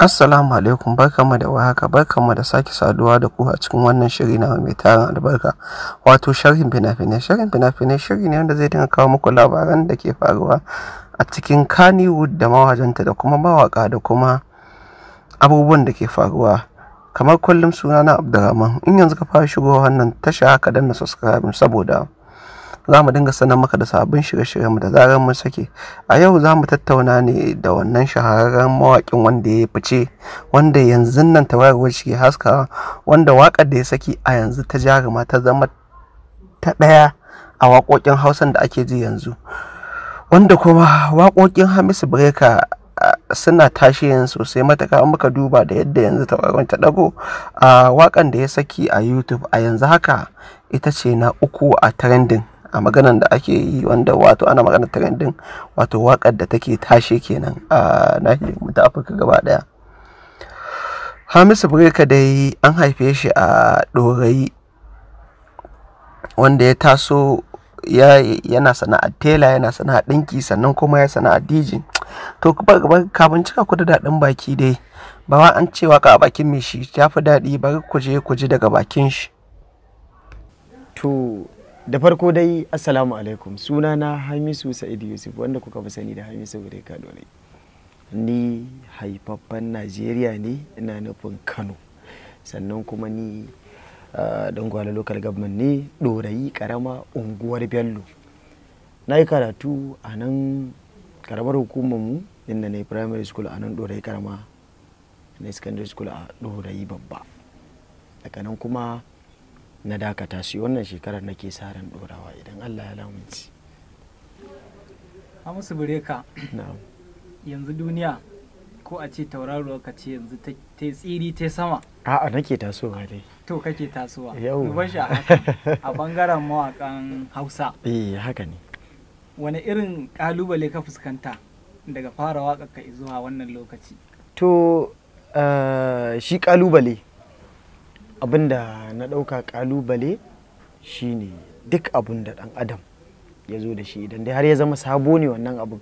Assalamu alaikum barkamu da warhaka barkamu da sake saduwa da ku a cikin wannan shiri na mai tarin albarka wato sharhin fina-finai sharhin fina-finai shiri ne wanda zai dinga kawo muku labaran da ke faruwa a cikin Kannywood da mawajanta da kuma mawaka da kuma abubuwan da ke faruwa kamar kullum na Abdulrahman in yanzu ka fara shigowa wannan tasha ka danna subscribe saboda za mu dinga sanar maka da sabbin shirye-shiryenmu da zarar mun sake a yau za mu tattauna ne da wannan shahararren mawaƙin wanda ya fice wanda yanzu nan tawarwar shi haska wanda waƙar da ya saki a yanzu ta jaruma ta zama ta ɗaya a waƙoƙin hausan da ake ji yanzu wanda kuma waƙoƙin hamisu breka suna tashi sosai matuka an muka duba da yadda yanzu tauraron ta dago a wakan da ya saki a youtube a yanzu haka ita ce na uku a trending a maganan da ake yi wanda wato ana maganar gandun wato wakar da take tashe kenan a nahiyar mu ta afirka gaba ɗaya. hamisu breka dai an haife shi a dorayi wanda ya taso yana sana'ar tela yana sana'ar ɗinki sannan kuma ya sana'ar dijin to kafin cika ku da daɗin baki dai ba wa an ce waka a bakin mai shi ya fi daɗi bari ku je ku ji daga bakin shi to da farko dai assalamu alaikum suna na hamisu sa'id yusuf wanda kuka fi sani da hamisu gudai ne. ni haifaffen najeriya ne ina nufin kano sannan kuma ni don ah, gwale local government ne ɗorayi karama unguwar bello na yi karatu a nan karamar hukumarmu inda na yi primary school a nan ɗorayi karama na secondary school a ɗorayi babba daga nan kuma na dakata su wannan shekarar nake sa ran dorawa idan allah ya lamunci a musu bureka yanzu duniya ko a ce tauraruwa ka ce yanzu ta tsiri ta sama a'a nake tasowa dai to kake tasowa Yau. duban shi a bangaren mawakan hausa eh haka ne wani irin kalubale ka fuskanta daga fara waƙa ka zuwa wannan lokaci to eh, shi kalubale abin da na ɗauka ƙalubale shine duk abin da ɗan adam ya zo da shi idan dai har ya zama sabo ne wannan abin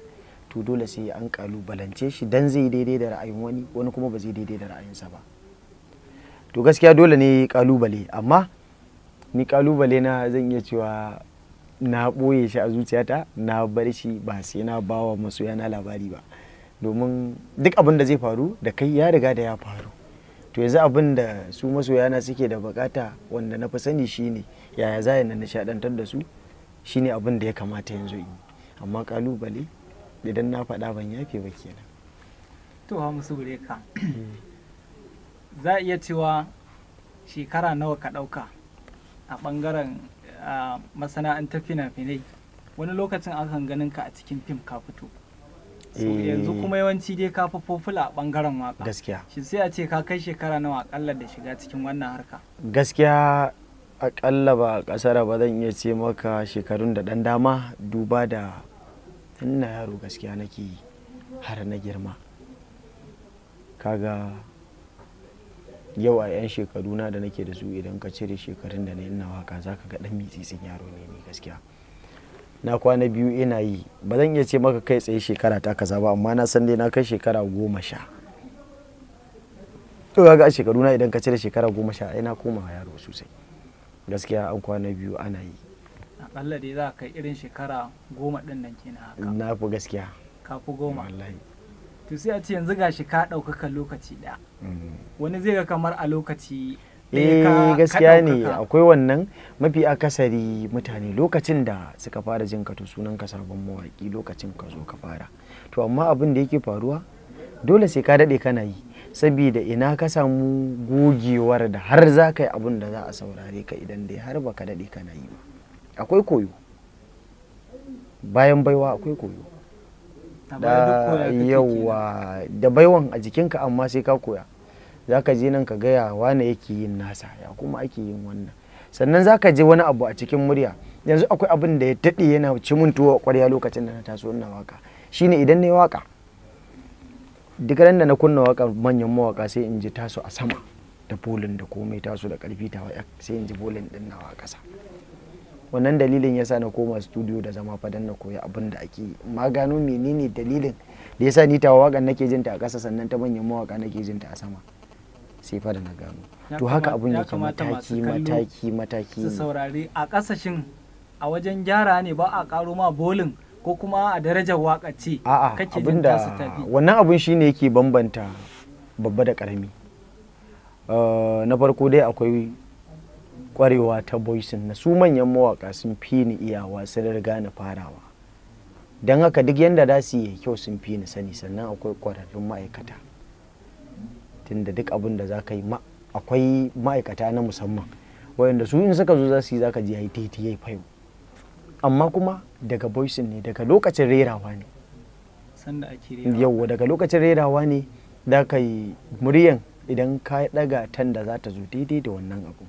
to dole sai an ƙalubalance shi dan zai daidai da ra'ayin wani wani kuma ba zai daidai da ra'ayinsa ba to gaskiya dole ne ƙalubale amma ni ƙalubale na zan iya cewa na ɓoye shi a zuciyata na bar shi ba sai na bawa masoya na labari ba domin duk abin da zai faru da kai ya riga da ya faru to yanzu abin da su masoya na suke da bukata wanda na fi sani shine yaya za na nishadantar da su shine abin da ya kamata yanzu in amma kalubale idan na faɗa ban yafe ba kenan to ha musu gure ka za iya cewa shekara nawa ka ɗauka a ɓangaren ah, masana'antar fina-finai wani lokacin akan ganin ka a cikin fim ka fito Eh. yanzu kuma yawanci dai ka fofula a bangaren waka gaskiya shi sai a ce ka kai shekara nawa akalla da shiga cikin wannan harka gaskiya akalla ba a kasar ba zan iya ce maka shekarun da dan dama duba da ina yaro gaskiya nake har na girma kaga yau a 'yan shekaruna da nake da su idan ka cire shekarun da na na waka za ka ga dan mitsitsin yaro ne ni gaskiya na kwana biyu ina yi ba zan iya ce maka kai tsaye shekara ta kaza ba amma na san dai na kai shekara goma sha to ga a shekaru na idan ka cire shekara goma sha ai na koma yaro sosai gaskiya an kwana biyu ana yi akalla dai za ka irin shekara goma din nan kenan haka na fi gaskiya ka fi goma wallahi to sai a ce yanzu gashi ka ɗaukaka lokaci ɗaya mm. wani zai ga kamar a lokaci eh, eh gaskiya ne akwai wannan mafi akasari mutane lokacin da suka fara jin ka sunan ka sabon mawaki lokacin ka zo ka fara to amma abin da yake faruwa dole sai ka daɗe kana yi saboda ina ka samu gogewar da har za ka yi abin da za a saurare ka idan dai har baka daɗe kana yi ba akwai koyo bayan baiwa akwai koyo da yawa da baiwan a jikinka amma sai ka koya za ka je nan ka gaya wane yake yin nasa ya kuma ake yin wannan sannan za ka je wani abu a cikin murya yanzu akwai abin da ya daɗe yana ci mun ƙwarya lokacin da na taso ina waka shine idan na yi waka duk da na kunna waka manyan mawaka sai in ji taso a sama da bolin da komai taso da ƙarfi ta sai in ji bolin din na sa wannan dalilin yasa na koma studio da zama fadan na koyi abin da ake ma gano menene dalilin da yasa ni tawa wakan nake jinta a ƙasa sannan ta manyan mawaka nake jinta a sama sai fa da na gano to haka abun yake mataki mataki mataki su saurari a kasashen a wajen gyara ne ba a karo ma bolin ko kuma a darajar waka ce kake jin tafi wannan abun shine yake bambanta babba da karami eh, na farko dai akwai kwarewa ta boysin na su manyan mawaka sun fi ni iyawa sun riga ni farawa don haka duk yadda da su yi kyau sun fi ni sani sannan akwai kwararrun ma'aikata tunda duk abin da za ka yi akwai ma'aikata na musamman wayanda su in suka zo za su yi za ka ji ya yi titi ya yi fayo amma kuma daga boysin ne daga lokacin rerawa ne yauwa daga lokacin rerawa ne da ka yi muryan idan ka daga tan da za ta zo daidai da wannan abu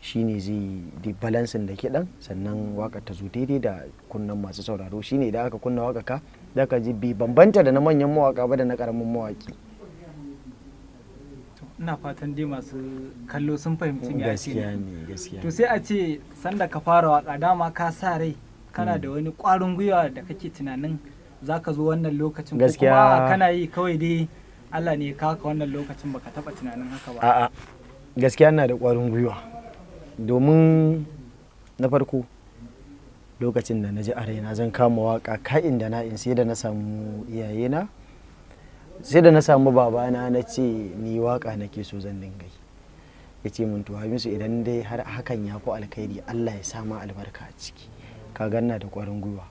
shine zai yi di balansin da kiɗan sannan waka ta zo daidai da kunnen masu sauraro shine da aka kunna waka ka za ka ji bi bambanta da na manyan mawaka ba da na karamin mawaki ina fatan dai masu kallo sun fahimci me ake ne to sai a ce sanda ka fara waka dama ka sa rai kana hmm. da wani kwarin gwiwa da kake tunanin zaka zo wannan lokacin ko kuma kana yi kawai dai Allah ne ka ka wannan lokacin baka taba tunanin haka ba a'a gaskiya ina da kwarin gwiwa domin na farko lokacin da na ji a raina zan kama waka ka'in da na in sai da na samu iyayena sai da na samu babana na ce ni waka nake so zan dinga yace ya ce mun to hamisu idan dai har hakan ya fi alkhairi allah ya ma albarka a ciki ka ganna da kwarin gwiwa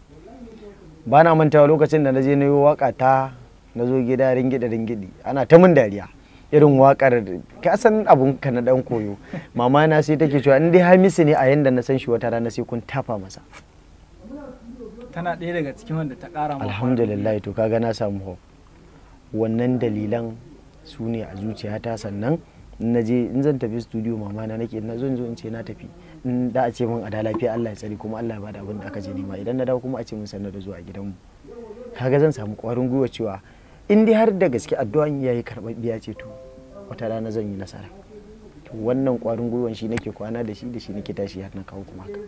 ba na mantawa lokacin da na je na yi waka ta na zo gida ringida ringidi ana ta mun dariya irin wakar ka san abun ka na dan koyo mama na sai take cewa in dai hamisu ne a yanda na san shi wata rana sai kun tafa masa tana ɗaya daga cikin wanda ta ƙara alhamdulillah to kaga na samu hope wannan dalilan su ne a zuciyata sannan na je in zan tafi studio mama na nake na zo in ce na tafi in da a ce min a da lafiya Allah ya tsari kuma Allah ya bada abin da aka je nema idan na dawo kuma a ce min sannan da zuwa gidanmu kaga zan samu kwarin gwiwa cewa in dai har da gaske addu'an yayi karɓaɓɓiya ce to wata rana zan yi nasara wannan kwarin gwiwan shi nake kwana da shi da shi nake tashi har na kawo kuma haka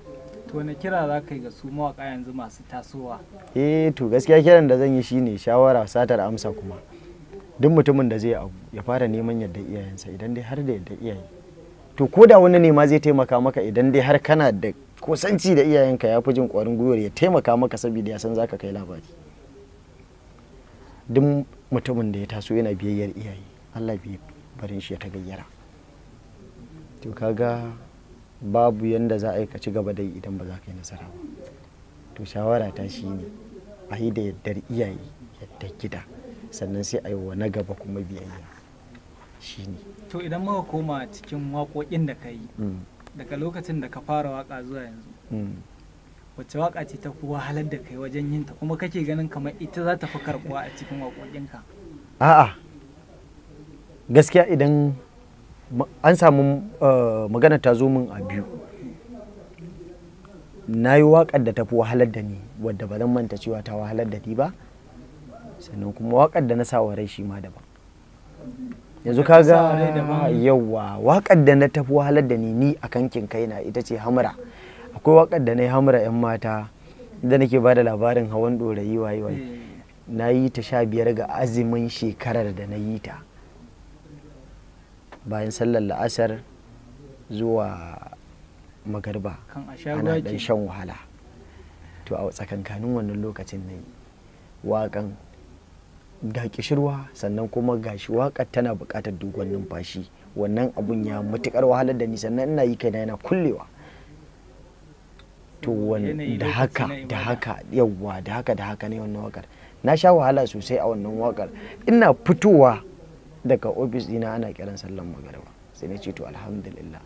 to wani kira za ka yi ga su mawaka yanzu masu tasowa e to gaskiya kiran da zan yi shine shawara satar amsa kuma duk mutumin da zai abu ya fara neman yadda iyayensa idan dai har da yadda iyaye to ko da wani ne ma zai taimaka maka idan dai har kana da kusanci da iyayenka ya fi jin kwarin gwiwar ya taimaka maka saboda ya san za ka kai labari duk mutumin da ya taso yana biyayyar iyaye Allah bai barin shi ya ta gayyara to kaga babu yadda za a yi ka ci gaba da idan ba za ka yi nasara ba to shawara ta shi ne a yi da yaddar iyaye yadda gida sannan sai a yi wa na gaba kuma biyayya shi ne to idan muka koma cikin waƙoƙin da ka yi mm. daga lokacin da ka fara waƙa zuwa yanzu mm. wacce waƙa ce ta kuwa halar da kai wajen yinta kuma kake ganin kamar ita za ta fi karɓuwa a cikin waƙoƙinka a'a gaskiya idan an samu eh, magana ta zo min a biyu na yi waƙar da tafi wahalar da ni wadda ba zan manta cewa ta wahalar da ni ba sannan kuma waƙar da na sa wa rai shi ma daban yanzu ka ga yawa waƙar da na tafi wahalar da ni ni a kankin na ita ce hamura akwai waƙar da na yi hamura 'yan mata da nake ba da labarin hawan ɗorayi wayewa eh. na yi ta sha biyar ga azumin shekarar da na yi ta bayan sallar la'asar zuwa magarba ana dan shan wahala to a tsakankanin wannan lokacin ne waƙan ga kishirwa sannan kuma ga shi. waƙar tana buƙatar dogon numfashi wannan abun ya matuƙar wahalar da ni sannan ina yi kaina yana kullewa to da haka da haka yawwa da haka da haka ne wannan waƙar na sha wahala sosai a wannan waƙar ina fitowa daga ofis dina ana kiran sallan magariba sai na ce to alhamdulillah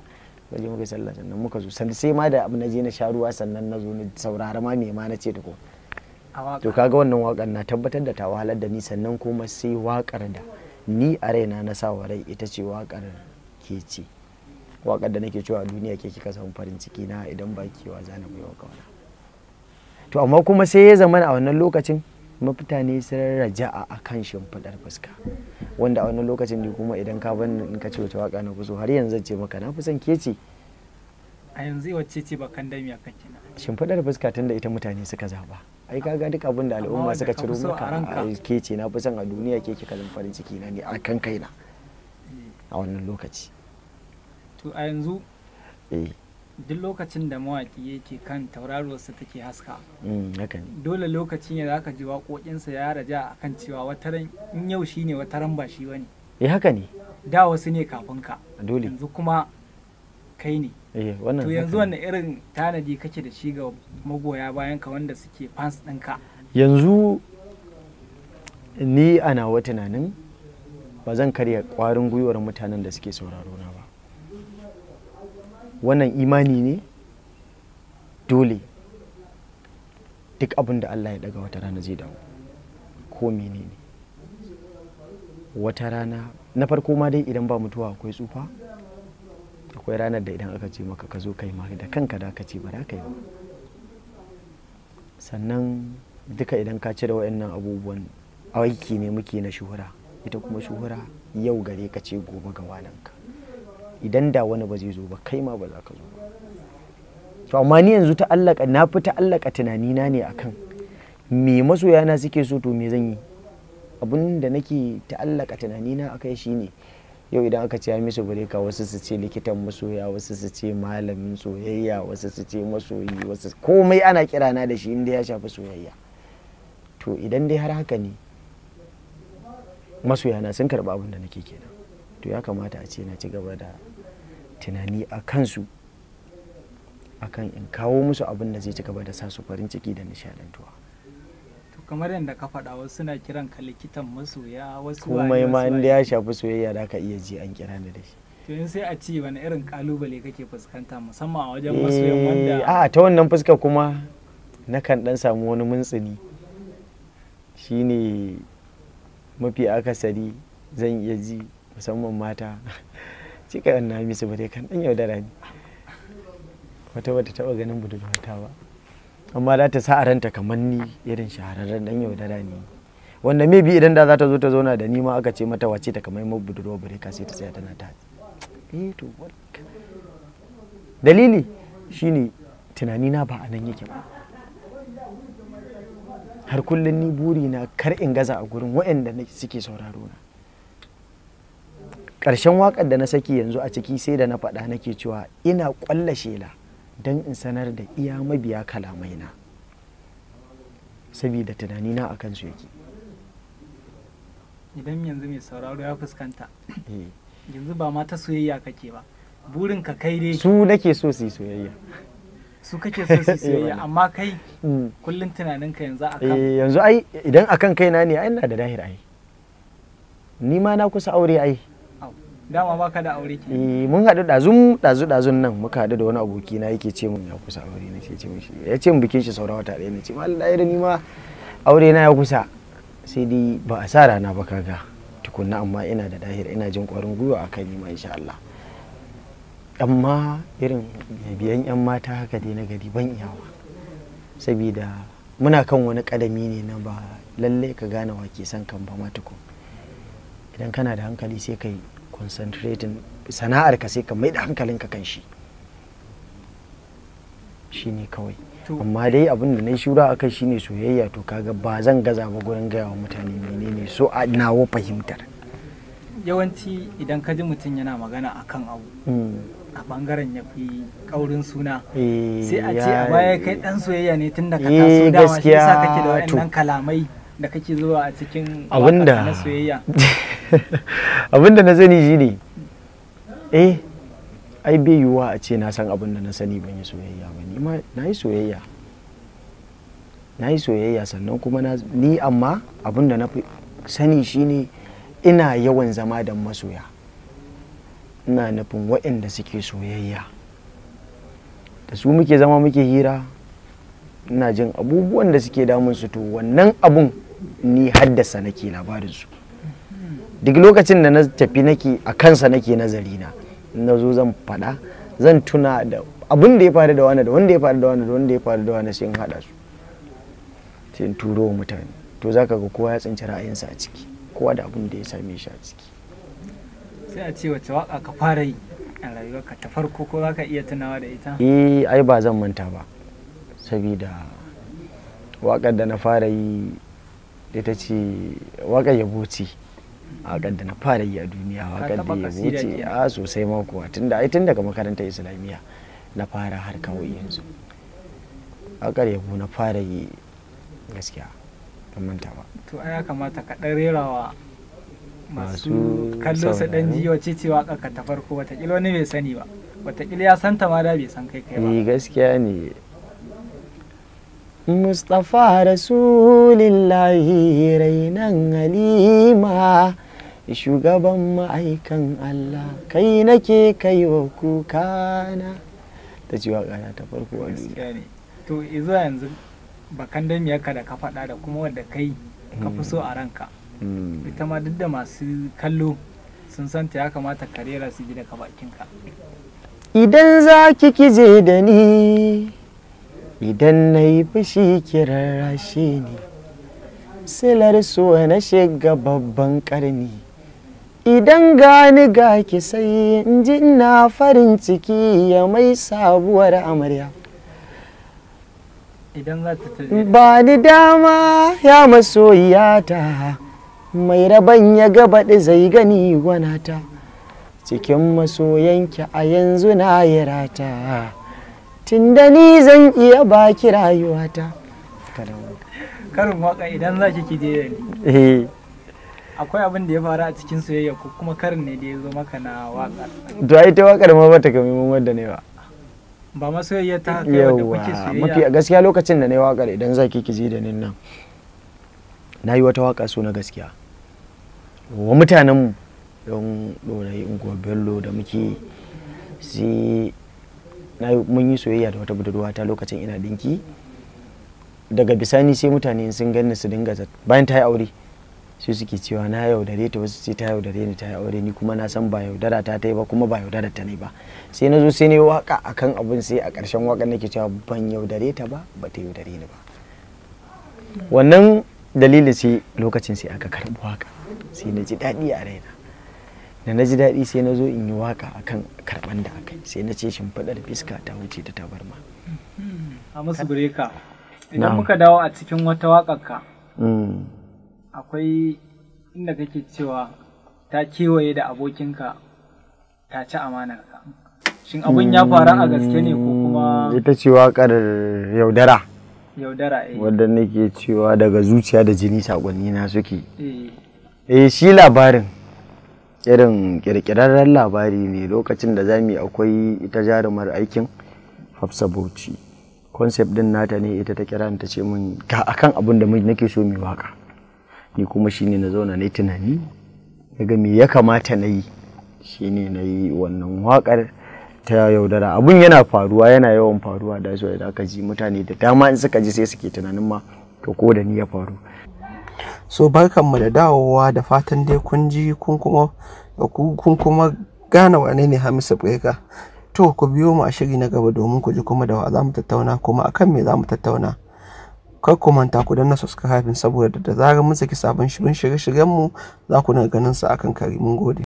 muka je muka sallan sannan muka zo sannan sai ma da abu na je na sha ruwa sannan na zo na saurari ma me ma na ce ta ko to kaga wannan wakar na tabbatar da ta wahalar da ni sannan kuma sai wakar da ni a raina na sa wa rai ita ce wakar ke ce wakar da nake cewa duniya ke kika samu farin ciki na idan ba kewa zana bai wa to amma kuma sai ya zama a wannan lokacin mafita ne sun raja'a a kan shimfiɗar fuska wanda a wani lokacin ne kuma idan ka ban in ka ce wata waka na kuso har yanzu ce maka na fi son ke ce a yanzu wacce ce ba kan dami kan kina shimfiɗar fuska tun da ita mutane suka zaba ai ga duk abin da al'umma suka ciro maka ke ce na fi son a duniya ke ke kalin farin ciki na ne a kan kaina eh. a wannan lokaci to a yanzu eh. duk lokacin da mawaƙi yake kan tauraruwarsa take haska mm, dole lokacin ya zaka ji waƙoƙinsa ya raja a kan cewa wataran in yau shi ne wataran ba shi wani eh haka ne da wasu ne kafin ka dole yanzu kuma kai ne eh, to yanzu wannan irin tanadi kake da shi ga magoya bayan ka wanda suke fans ɗinka yanzu ni ana wa tunanin ba zan karya ƙwarin gwiwar mutanen da suke sauraro na ba wannan imani ne dole duk abin da Allah ya daga wata rana zai dawo ko ne wata rana na farko ma dai idan ba mutuwa akwai tsufa akwai ranar da idan aka ce maka ka zo kai ma da kanka da aka ce ba da ka yi sannan duka idan ka cire wa'annan abubuwan aiki ne muke na shuhura ita kuma shuhura yau gare ka ce gobe ga wananka idan da wani ba zai zo ba kai ma ba za ka zo ba to amma ni yanzu ta allaka na fi ta allaka tunanina ne akan me masoyana suke so to me zan yi abun da nake ta allaka tunanina akai shine yau idan aka ce ya bare ka wasu su ce likitan masoya wasu su ce malamin soyayya wasu su ce masoyi wasu komai ana kira na da shi inda ya shafi soyayya to idan dai har haka ne masoyana sun karɓi abin da nake kenan to ya kamata a ce na ci gaba da tunani a kansu akan in kawo musu abin da zai ci gaba da sa su farin ciki da nishadantuwa to kamar yadda ka faɗa wasu suna kiran ka likitan masoya wasu kuma ma inda ya shafi soyayya da ka iya ji an kira ni da shi to in sai a ci wani irin kalubale kake fuskanta musamman a wajen masoyan eh, wanda a ta wannan fuska kuma na kan dan samu wani muntsini shine mafi akasari zan iya ji musamman mata cika kai wannan hamisu ba kan dan yaudara ne wata bata taba ganin da wata ba amma za ta sa a ranta kamar ni irin shahararren dan yaudara ne wanda me bi idan da za ta zo ta zauna da ni ma aka ce mata wace ta kamar mabu da bare ka sai ta tsaya tana ta eh to dalili shine tunani na ba anan yake ba har kullum ni buri na kar in gaza a gurin waɗanda suke sauraro na ƙarshen waƙar da na saki yanzu a ciki sai da na faɗa nake cewa ina ƙwalla shela don in sanar da iya mabiya kalamai na saboda tunanina a kansu yake idan yanzu mai sauraro ya fuskanta eh. yanzu ba ma ta soyayya kake ba burin ka kai dai su nake so su yi soyayya su kake so su eh, soyayya amma kai mm. kullum tunanin ka yanzu akan eh, yanzu ai idan akan kaina ne ai na da dahir ai ni ma na kusa aure ai dama baka da aure ke eh mun haɗu dazun ɗazu ɗazun nan muka haɗu da wani aboki na yake ce mun ya kusa aure na ce ce mun shi ya ce mun bikin shi sauran wata ɗaya na ce mallan da ni ma aure na ya kusa sai dai ba a sa rana ba kaga tukunna amma ina da dahira ina jin kwarin gwiwa akan ni ma insha Allah amma irin biyan yan mata haka dai na gari ban iyawa saboda muna kan wani kadami ne na ba lalle ka gane wa ke son kan ba ma tukun idan kana da hankali sai ka concentrating sana'ar ka sai ka mai da hankalinka kan shi shi ne kawai amma dai abin da na shura a kai shine soyayya to kaga ba zan gaza ba gurin gaya wa mutane menene so a nawo fahimtar yawanci idan ka ji mutum yana magana akan abu hmm. a bangaren ya fi kaurin suna eh, sai a ce a baya kai dan soyayya ne tun da ka eh, taso dama shi yasa kake da wa'annan kalamai da kake zuwa a cikin abinda na soyayya abinda na sani shine eh ai bai yiwuwa a ce na san abinda na sani ban yi soyayya ba ni ma na yi soyayya na yi soyayya sannan kuma na ni amma abinda na sani shine ina yawan zama da masoya ina nufin waɗanda suke soyayya da su muke zama muke hira ina jin abubuwan da suke damun su to wannan abun ni haddasa nake labarin su duk lokacin da na tafi nake a kansa nake nazari na na zo zan faɗa zan tuna da abin da ya faru da wani da wanda ya faru da wani da wanda ya faru da wani sai in haɗa su sai in turo mutane to za ka ga kowa ya tsinci ra'ayinsa a ciki kowa da abin da ya same shi a ciki sai a ce wacce waka ka fara yi a rayuwarka ta farko ko za ka iya tunawa da ita eh ai ba zan manta ba saboda waƙar da na fara yi ita ce waƙar yabo ce a da na fara yi a duniya waƙar da ya wuce a ah, sosai mako kuwa tun da tun daga makarantar islamiyya na fara har kawai yanzu waƙar yabo na fara yi gaskiya ban manta ba to ya kamata ka ɗan rerawa masu kallo su ɗan ji wa ce waƙar ka ta farko watakila wani bai sani ba watakila ya santa ma da bai san kai kai ba eh, gaskiya ne mustapha rasulillahi rainan halima shugaban ma'aikan allah kai nake kai kaiwa kukana ta ce waƙa ta farko a duniya to izuwa yanzu bakan dan damiyarka da ka faɗa da kuma wadda kai ka fi so a ranka hmm. ita ma duk da masu kallo sun san ta ya kamata karera su ji daga bakinka idan za ki kije da ni idan na yi fushi kiran rashe ne silar so na shiga babban karni idan gani ga ki sai in ji na farin ciki ya mai sabuwar amarya ba ni dama ya masoyiyata mai rabon ya gabaɗi zai gani ta cikin masoyanki a yanzu na yi rata tunda da ni zan iya baki rayuwata karin waka idan za ki je ni eh. akwai abin da ya faru a cikin soyayya ko kuma karin ne da ya zo maka na waka to ai ta waka ma bata kame mun wanda ne ba ba ma soyayya ta kai da kuke soyayya mafi gaskiya lokacin da na yi idan za ki je da ni nan na yi wata waka so na gaskiya wa mutanenmu don ɗorayi unguwar bello da muke sai mun yi soyayya da wata budurwa ta lokacin ina dinki daga bisani sai mutane sun ganni su dinga bayan ta yi aure sai suke cewa na yaudare ta wasu sai ta yaudare ni ta yi aure ni kuma na san ba yaudara ta ta yi ba kuma ba yaudara ta ne ba sai na zo sai ne waka akan abin sai a ƙarshen waka nake cewa ban yaudare ta ba ba ta yaudare ni ba wannan dalilin sai lokacin sai aka karɓi waka sai na ji daɗi a raina da na ji daɗi sai na zo in yi waka akan karɓar da aka yi sai na ce shimfiɗar fiska ta wuce ta tabarma a musu bireka idan muka dawo a cikin wata ka mm. akwai inda kake cewa ta kewaye da abokinka ta ci amanar ka shin abin ya faru a gaske ne ko kuma mm. ita ce waƙar yaudara yaudara eh wanda nake cewa daga zuciya da jini sakonni na suke eh. eh shi labarin irin kirkirarren labari ne lokacin da zami akwai ita jarumar aikin hafsa bauchi concept din nata ne ita ta kira ta ce min ga akan abin da nake so mai waka ni kuma shine na zauna na tunani daga me ya kamata na yi shine na yi wannan wakar ta yaudara abun yana faruwa yana yawan faruwa da zuwa da aka ji mutane da dama in suka ji sai suke tunanin ma to ko da ni ya faru so barkan mu da dawowa da fatan dai kun ji kun kuma kun kuma gane wane ne hamisu breka to ku biyo mu a shiri na gaba domin ku ji kuma da wa zamu tattauna kuma akan me zamu tattauna kar ku manta ku danna subscribe saboda da zarar mun saki sabon shirin shirye-shiryenmu za ku na ganin sa akan kari mun gode